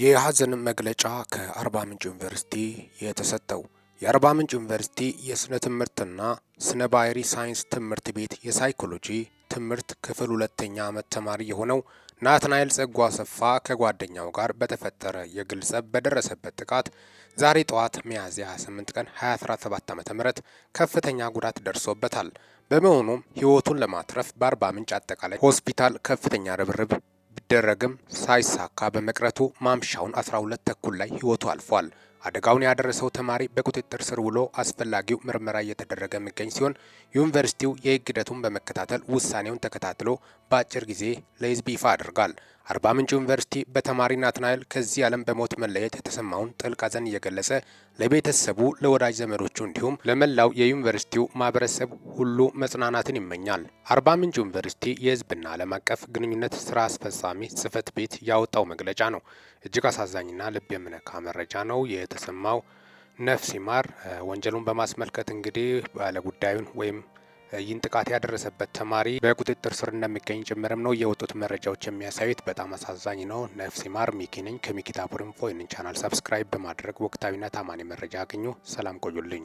የሀዘን መግለጫ ከአርባ ምንጭ ዩኒቨርሲቲ የተሰጠው የአርባ ምንጭ ዩኒቨርሲቲ የስነ ትምህርትና ስነ ባህሪ ሳይንስ ትምህርት ቤት የሳይኮሎጂ ትምህርት ክፍል ሁለተኛ ዓመት ተማሪ የሆነው ናትናኤል ጸጉ አሰፋ ከጓደኛው ጋር በተፈጠረ የግል ጸብ በደረሰበት ጥቃት ዛሬ ጠዋት ሚያዝያ 28 ቀን 2017 ዓ.ም ከፍተኛ ጉዳት ደርሶበታል። በመሆኑም ሕይወቱን ለማትረፍ በአርባ ምንጭ አጠቃላይ ሆስፒታል ከፍተኛ ርብርብ ቢደረግም ሳይሳካ በመቅረቱ ማምሻውን 12 ተኩል ላይ ህይወቱ አልፏል። አደጋውን ያደረሰው ተማሪ በቁጥጥር ስር ውሎ አስፈላጊው ምርመራ እየተደረገ የሚገኝ ሲሆን ዩኒቨርሲቲው የህግ ሂደቱን በመከታተል ውሳኔውን ተከታትሎ በአጭር ጊዜ ለህዝብ ይፋ አድርጋል። አርባ ምንጭ ዩኒቨርሲቲ በተማሪ ናትናኤል ከዚህ ዓለም በሞት መለየት የተሰማውን ጥልቅ ሐዘን እየገለጸ ለቤተሰቡ፣ ለወዳጅ ዘመዶቹ እንዲሁም ለመላው የዩኒቨርሲቲው ማህበረሰብ ሁሉ መጽናናትን ይመኛል። አርባ ምንጭ ዩኒቨርሲቲ የህዝብና ዓለም አቀፍ ግንኙነት ስራ አስፈጻሚ ጽህፈት ቤት ያወጣው መግለጫ ነው። እጅግ አሳዛኝና ልብ የሚነካ መረጃ ነው የተሰማው። ነፍስ ይማር። ወንጀሉን በማስመልከት እንግዲህ ባለጉዳዩን ወይም ይህን ጥቃት ያደረሰበት ተማሪ በቁጥጥር ስር እንደሚገኝ ጭምርም ነው የወጡት መረጃዎች የሚያሳዩት። በጣም አሳዛኝ ነው። ነፍሲ ማር ሚኪ ነኝ ኢንፎ። ይህንን ቻናል ሰብስክራይብ በማድረግ ወቅታዊና ታማኒ መረጃ አገኙ ሰላም ቆዩልኝ።